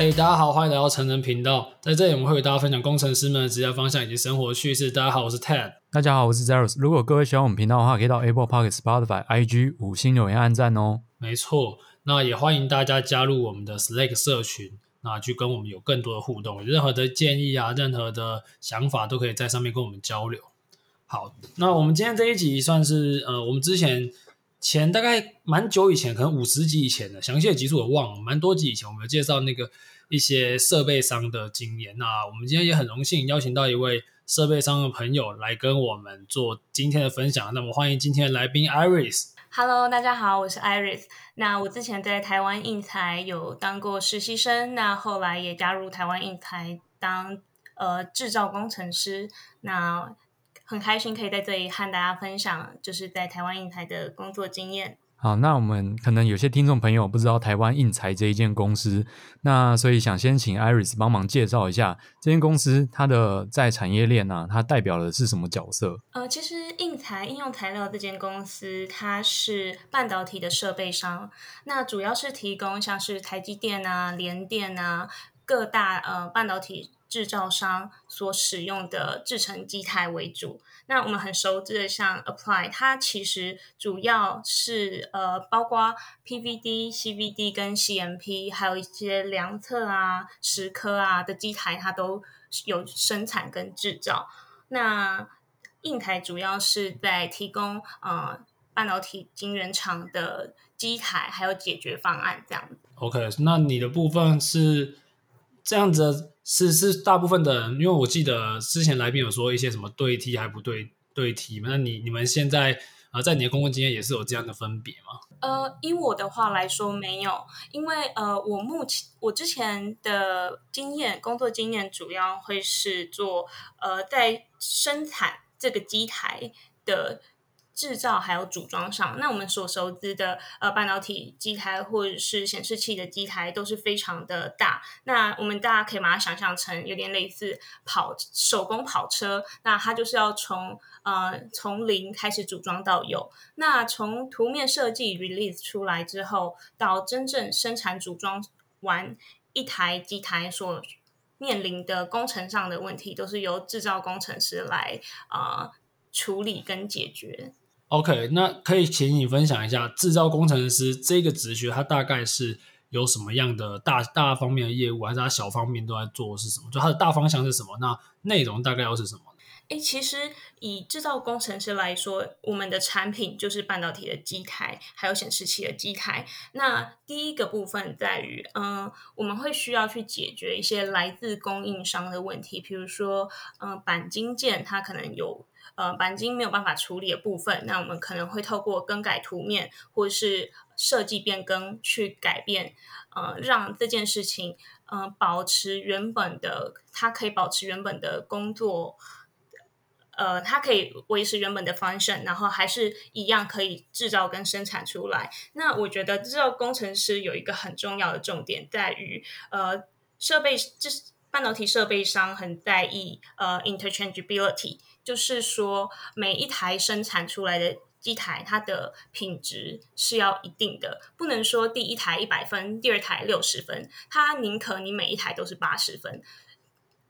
哎、欸，大家好，歡迎來到程人頻道。在這裡，我們會給大家分享工程師們的職業方向以及生活趣事。大家好，我是 Ted，大家好，我是 Zaiross。如果各位喜歡我們頻道的話，可以到 Apple Podcast、Spotify、IG 五星留言、按讚哦。沒錯，那也歡迎大家加入我們的 Slack 社群，那去跟我們有更多的互動。任何的建議啊，任何的想法都可以在上面跟我們交流。好，那我們今天這一集算是呃，我們之前。前大概蠻久以前，可能五十集以前的，詳細的集數我忘了，蠻多集以前，我們有介紹那個一些設備商的經驗。那我們今天也很榮幸邀請到一位設備商的朋友來跟我們做今天的分享。那麼歡迎今天的來賓 Iris。Hello，大家好，我是 Iris。那我之前在台灣應材有當過實習生，那後來也加入台灣應材當呃製造工程師。那很開心可以在這裡和大家分享，就是在台灣應材的工作經驗。好，那我們可能有些聽眾朋友不知道台灣應材這一間公司，那所以想先請 Iris 幫忙介紹一下這間公司，它的在產業鏈呢、啊，它代表的是什麼角色？呃，其實應材應用材料這間公司，它是半導體的設備商，那主要是提供像是台積電啊、聯電啊各大呃半導體。製造商所使用的製程機台為主，那我們很熟知的像 Applied 它其實主要是呃包括 PVD、CVD 跟 CMP，還有一些量測啊、蝕刻啊的機台，它都有生產跟製造。那應材主要是在提供呃半導體晶圓廠的機台還有解決方案這樣子。OK，那你的部分是？這樣子是是大部分的。因為我記得之前來賓有說一些什麼對替還不對對替，那你你們現在呃在你的工作經驗也是有這樣的分別嗎？呃，以我的話來說沒有，因為呃我目前我之前的經驗工作經驗主要會是做呃在生產這個機台的，製造還有組裝上，那我們所熟知的呃半導體機台或者是顯示器的機台都是非常的大。那我們大家可以把它想象成有點類似跑手工跑車，那它就是要從呃從零開始組裝到有。那從圖面設計 release 出來之後，到真正生產組裝完一台機台所面臨的工程上的問題，都是由製造工程師來啊、呃、處理跟解決。OK，那可以請你分享一下製造工程師這個職缺，它大概是有什麼樣的大大方面的業務，還是它小方面都在做是什麼？就它的大方向是什麼？那內容大概又是什麼？哎、欸，其實以製造工程師來說，我們的產品就是半導體的機台，還有顯示器的機台。那第一個部分在於，嗯、呃，我們會需要去解決一些來自供應商的問題，比如說，嗯、呃，鈑金件它可能有。呃，鈑金沒有辦法處理的部分，那我們可能會透過更改圖面或是設計變更去改變，呃，讓這件事情，呃，保持原本的，它可以保持原本的工作，呃，它可以維持原本的方向，然後還是一樣可以製造跟生產出來。那我覺得，製造工程師有一個很重要的重點在於，呃，設備就是。半導體設備商很在意呃、uh，interchangeability，就是說每一台生產出來的機台，它的品質是要一定的，不能說第一台一百分，第二台六十分，它寧可你每一台都是八十分。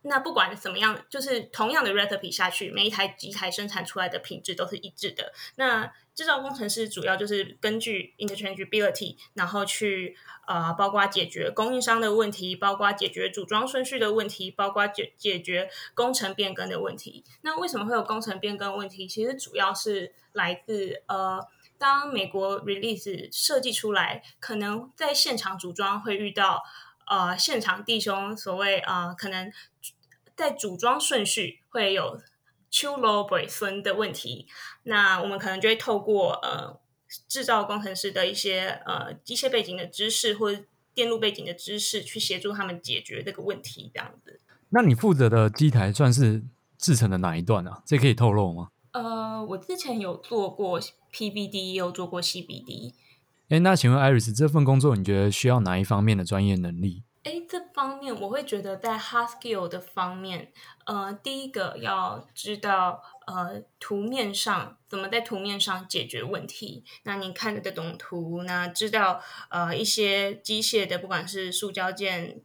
那不管怎麼樣，就是同樣的 recipe 下去，每一台機台生產出來的品質都是一致的。那製造工程師主要就是根據 interchangeability，然後去啊、呃，包括解決供應商的問題，包括解決組裝順序的問題，包括解解決工程變更的問題。那為什麼會有工程變更問題？其實主要是來自呃，當美國 release 設計出來，可能在現場組裝會遇到呃，現場弟兄所謂啊、呃，可能在組裝順序會有。丘羅伯森的問題，那我們可能就會透過呃製造工程師的一些呃機械背景的知識或電路背景的知識去協助他們解決這個問題，這樣子。那你負責的機台算是製程的哪一段啊？這可以透露嗎？呃，我之前有做過 PBD，也有做過 CBD。哎，那請問 Iris 這份工作，你覺得需要哪一方面的專業能力？哎，這方面我會覺得在 hard skill 的方面，呃，第一個要知道，呃，圖面上怎麼在圖面上解決問題。那你看得懂圖，那知道呃一些機械的，不管是塑膠件。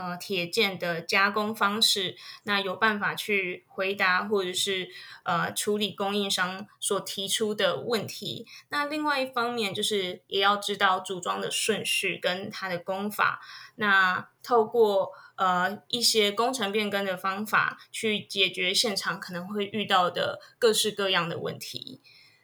呃，鐵件的加工方式，那有辦法去回答或者是呃處理供應商所提出的問題。那另外一方面就是也要知道組裝的順序跟它的工法。那透過呃一些工程變更的方法，去解決現場可能會遇到的各式各樣的問題。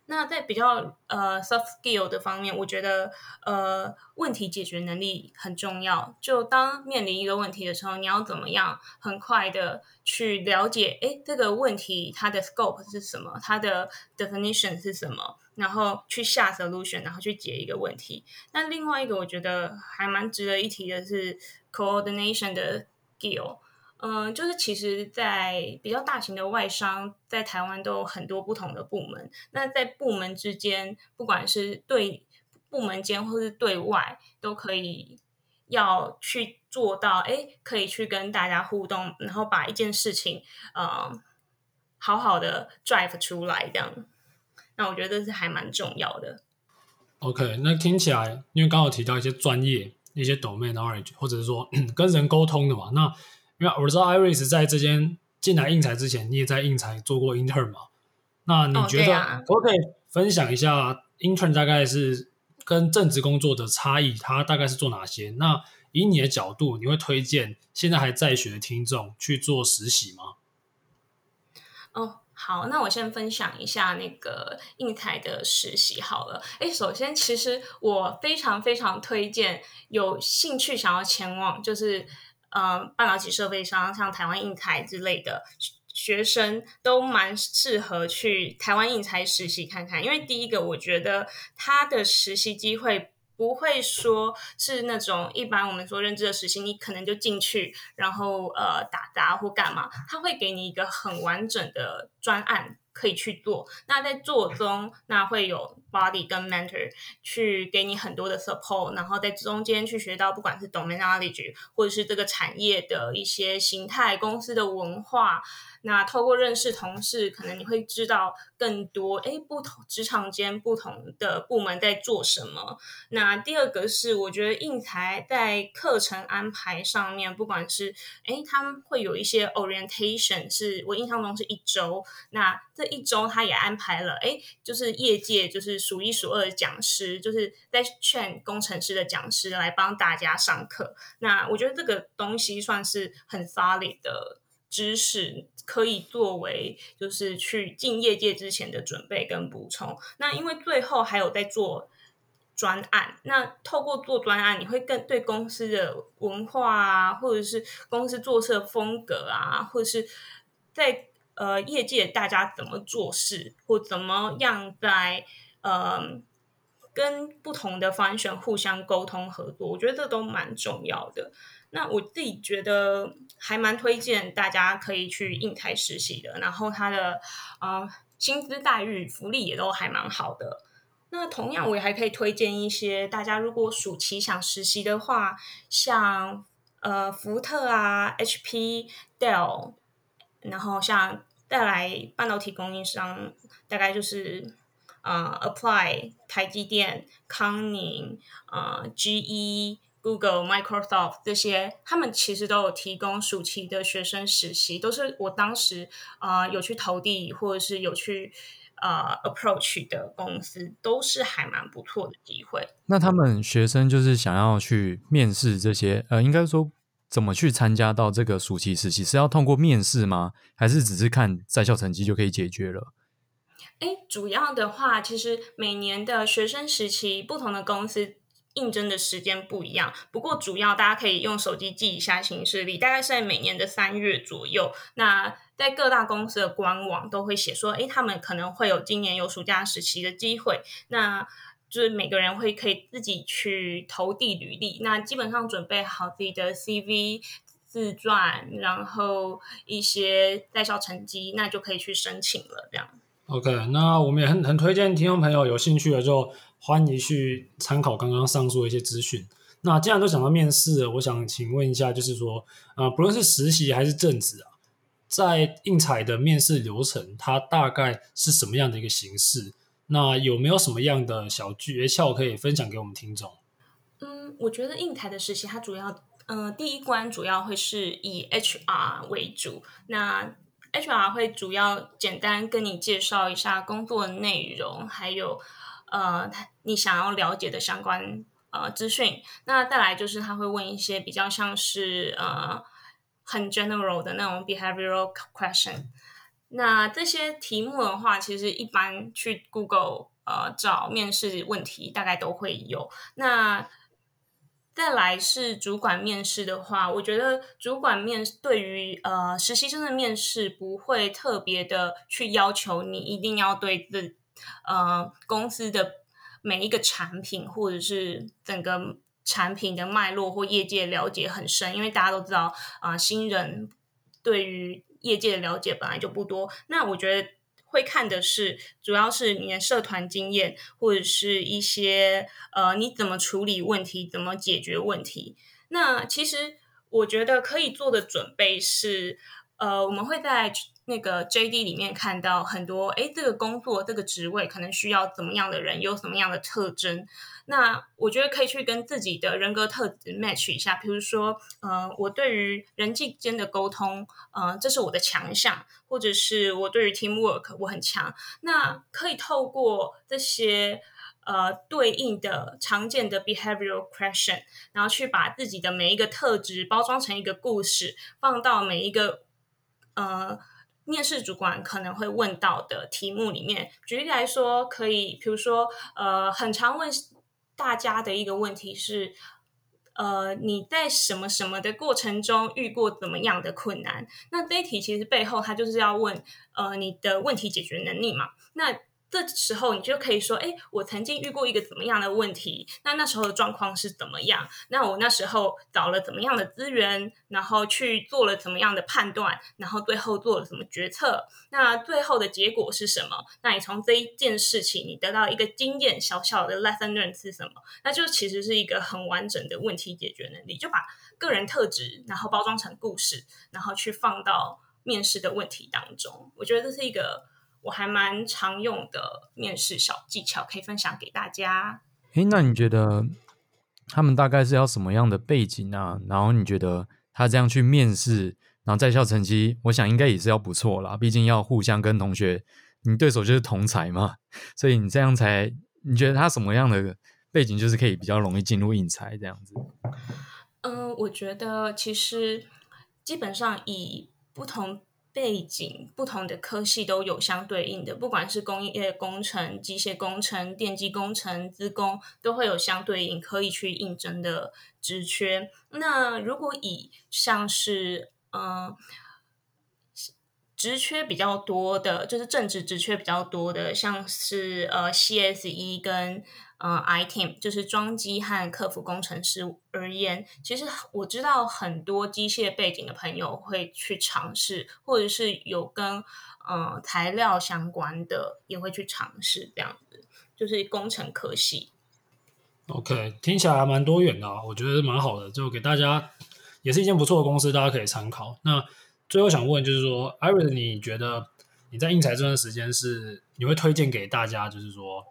那在比較呃 soft skill 的方面，我覺得呃問題解決能力很重要。就當面臨一個問題的時候，你要怎麼樣很快的去了解，誒，這個問題它的 scope 是什麼，它的 definition 是什麼，然後去下 solution，然後去解一個問題。那另外一個我覺得還蠻值得一提的是 coordination 的 skill。嗯，就是其實，在比較大型的外商，在台灣都有很多不同的部門。那在部門之間，不管是對部門間，或是對外，都可以要去做到，哎，可以去跟大家互動，然後把一件事情，嗯、呃、好好的 drive 出來。這樣，那我覺得這是還蠻重要的。OK，那聽起來，因為剛好提到一些專業、一些 domain knowledge，或者是說跟人溝通的嘛，那。那我知道 Iris 在這間進來應材之前，你也在應材做過 intern 嘛？那你覺得我可以分享一下 intern 大概是跟正職工作的差異，它大概是做哪些？那以你的角度，你會推薦現在還在學的聽眾去做實習嗎？哦，好，那我先分享一下那個應材的實習好了。哎，首先，其實我非常非常推薦有興趣想要前往就是。呃，半導體設備商像台灣應材之類的學生，都蠻適合去台灣應材實習看看。因為第一個，我覺得他的實習機會不會說是那種一般我們說認知的實習，你可能就進去然後呃打雜或幹嘛，他會給你一個很完整的專案。可以去做。那在做中，那會有 body 跟 mentor 去給你很多的 support，然後在中間去學到不管是 domain knowledge 或者是這個產業的一些形態、公司的文化。那透過認識同事，可能你會知道更多。哎，不同職場間不同的部門在做什麼。那第二個是，我覺得應材在課程安排上面，不管是哎，他們會有一些 orientation，是我印象中是一周。那這。這一周，他也安排了，哎，就是業界就是數一數二的講師，就是在勸工程師的講師來幫大家上課。那我覺得這個東西算是很 solid 的知識，可以作為就是去進業界之前的準備跟補充。那因為最後還有在做專案，那透過做專案，你會更對公司的文化啊，或者是公司做事的風格啊，或者是在。呃，業界大家怎麼做事，或怎麼樣在呃跟不同的方向互相溝通合作，我覺得這都蠻重要的。那我自己覺得還蠻推薦大家可以去應材實習的，然後它的啊、呃、薪資待遇福利也都還蠻好的。那同樣，我也還可以推薦一些大家如果暑期想實習的話，像呃福特啊、HP、Dell。然後像帶來半導體供應商，大概就是，呃，Apply 台積電、康寧、呃，G E、GE, Google、Microsoft 這些，他們其實都有提供暑期的學生實習，都是我當時啊、呃、有去投遞或者是有去啊、呃、approach 的公司，都是還蠻不錯的機會。那他們學生就是想要去面試這些，呃，應該說。怎麼去參加到這個暑期實習？是要通過面試嗎？還是只是看在校成績就可以解決了？誒，主要的話，其實每年的學生時期不同的公司應徵的時間不一樣。不過主要大家可以用手機記一下形式，例大概是在每年的三月左右。那在各大公司的官網都會寫說，誒，他們可能會有今年有暑假實習的機會。那就是每個人會可以自己去投遞履歷，那基本上準備好自己的 CV、自傳，然後一些在校成績，那就可以去申請了。這樣。OK，那我們也很很推薦聽眾朋友有興趣的就歡迎去參考剛剛上述的一些資訊。那既然都講到面試了，我想請問一下，就是說，啊、呃，不論是實習還是正職啊，在應材的面試流程，它大概是什麼樣的一個形式？那有沒有什麼樣的小訣竅可以分享給我們聽眾？嗯，我覺得應材的實習，它主要呃第一關主要會是以 HR 為主，那 HR 會主要簡單跟你介紹一下工作內容，還有呃你想要了解的相關呃資訊。那再來就是他會問一些比較像是呃很 general 的那種 behavioral question。嗯那這些題目的話，其實一般去 Google，呃，找面試問題大概都會有。那再來是主管面試的話，我覺得主管面對於呃實習生的面試不會特別的去要求你一定要對自呃公司的每一個產品或者是整個產品的脈絡或業界了解很深，因為大家都知道啊、呃，新人對於。業界的了解本來就不多，那我覺得會看的是，主要是你的社團經驗，或者是一些，呃，你怎麼處理問題，怎麼解決問題。那其實我覺得可以做的準備是，呃，我們會在。那個 JD 裡面看到很多，哎，這個工作這個職位可能需要怎麼樣的人，有什麼樣的特徵？那我覺得可以去跟自己的人格特質 match 一下。比如說，嗯、呃，我對於人際間的溝通，嗯、呃，這是我的強項，或者是我對於 teamwork 我很強。那可以透過這些呃對應的常見的 behavioral question，然後去把自己的每一個特質包裝成一個故事，放到每一個呃。面試主管可能會問到的題目裡面，舉例來說，可以，比如說，呃，很常問大家的一個問題是，呃，你在什麼什麼的過程中遇過怎麼樣的困難？那這一題其實背後它就是要問，呃，你的問題解決能力嘛。那。這時候你就可以說：“哎，我曾經遇過一個怎麼樣的問題？那那時候的狀況是怎麼樣？那我那時候找了怎麼樣的資源？然後去做了怎麼樣的判斷？然後最後做了什麼決策？那最後的結果是什麼？那你從這一件事情，你得到一個經驗，小小的 lesson learned 是什麼？那就其實是一個很完整的問題解決能力，就把個人特質然後包裝成故事，然後去放到面試的問題當中。我覺得這是一個。”我還蠻常用的面試小技巧，可以分享給大家。哎、欸，那你覺得他們大概是要什麼樣的背景啊？然後你覺得他這樣去面試，然後在校成績，我想應該也是要不錯啦。畢竟要互相跟同學，你對手就是同才嘛，所以你這樣才，你覺得他什麼樣的背景就是可以比較容易進入應材這樣子？嗯、呃，我覺得其實基本上以不同。背景，不同的科系，都有相對應的，不管是工業工程、機械工程、電機工程、資工，都會有相對應可以去應徵的職缺。那如果以像是嗯、呃，職缺比較多的，就是正職職缺比較多的，像是呃，CSE 跟嗯，item 就是裝機和客服工程師而言，其實我知道很多機械背景的朋友會去嘗試，或者是有跟嗯、呃、材料相關的也會去嘗試這樣子，就是工程科系。OK，聽起來還蠻多元的，我覺得蠻好的，就給大家也是一間不錯的公司，大家可以參考。那最後想問就是說 Iris 你覺得你在應材這段時間是你會推薦給大家，就是說。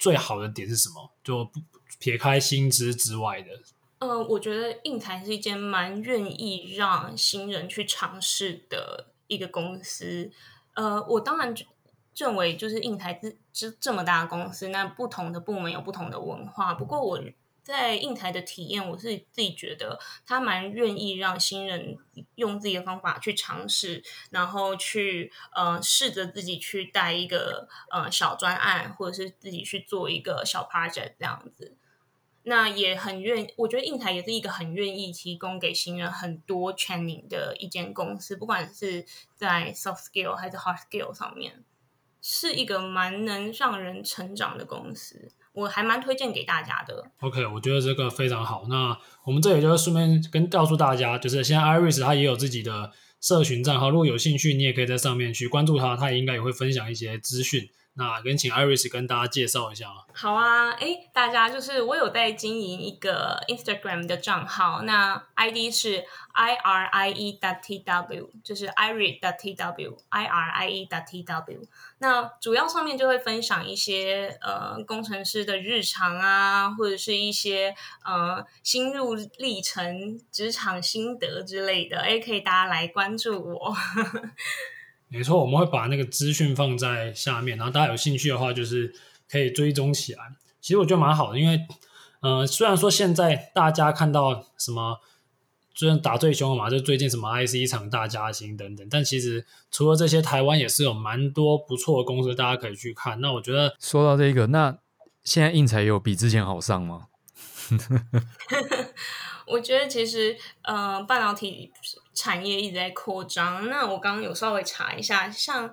最好的點是什麼？就撇開薪資之外的，呃，我覺得應材是一間蠻願意讓新人去嘗試的一個公司。呃，我當然認為，就是應材這這這麼大的公司，那不同的部門有不同的文化。不過我、嗯。在應材的體驗，我是自己覺得他蠻願意讓新人用自己的方法去嘗試，然後去呃試着自己去帶一個呃小專案，或者是自己去做一個小 project 這樣子。那也很願，我覺得應材也是一個很願意提供給新人很多 training 的一間公司，不管是在 soft skill 還是 hard skill 上面，是一個蠻能讓人成長的公司。我還蠻推薦給大家的。OK，我覺得這個非常好。那我們這裡就是順便跟告訴大家，就是現在 Iris 他也有自己的社群賬號，如果有興趣，你也可以在上面去關注他，他也應該也會分享一些資訊。那跟請 Iris 跟大家介紹一下。好啊，哎、欸，大家就是我有在經營一個 Instagram 的賬號，那 ID 是 irie.tw，就是 irie.tw irie.tw。那主要上面就會分享一些呃工程師的日常啊，或者是一些呃心路歷程、職場心得之類的。哎、欸，可以大家來關注我。 沒錯，我們會把那個資訊放在下面，然後大家有興趣的話，就是可以追蹤起來。其實我覺得蠻好的，因為，呃，雖然說現在大家看到什麼，最近打最凶嘛，就最近什麼 IC 廠大加薪等等，但其實除了這些，台灣也是有蠻多不錯的公司，大家可以去看。那我覺得，說到這個，那現在應材有比之前好上嗎？ 我覺得其實，呃，半導體。產業一直在擴張，那我剛剛有稍微查一下，像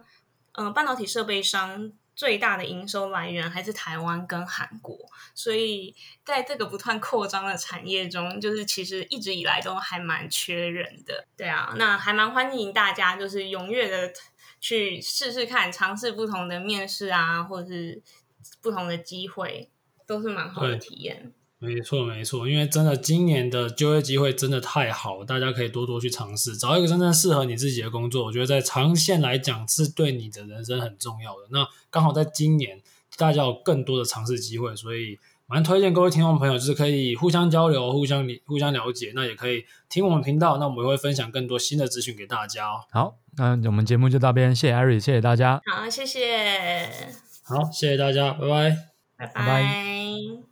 嗯、呃、半導體設備商最大的營收來源還是台灣跟韓國，所以在這個不斷擴張的產業中，就是其實一直以來都還蠻缺人的，對啊，那還蠻歡迎大家就是踴躍的去試試看，嘗試不同的面試啊，或者是不同的機會，都是蠻好的體驗。沒錯，沒錯，因為真的今年的就業機會真的太好，大家可以多多去嘗試，找一個真正適合你自己的工作。我覺得在長線來講，是對你的人生很重要的。那剛好在今年，大家有更多的嘗試機會，所以蠻推薦各位聽眾朋友，就是可以互相交流、互相、互相了解。那也可以聽我們頻道，那我們也會分享更多新的資訊給大家哦。好，那我們節目就到這邊，謝謝 Iris，謝謝大家。好，謝謝。好，謝謝大家，拜拜，拜拜。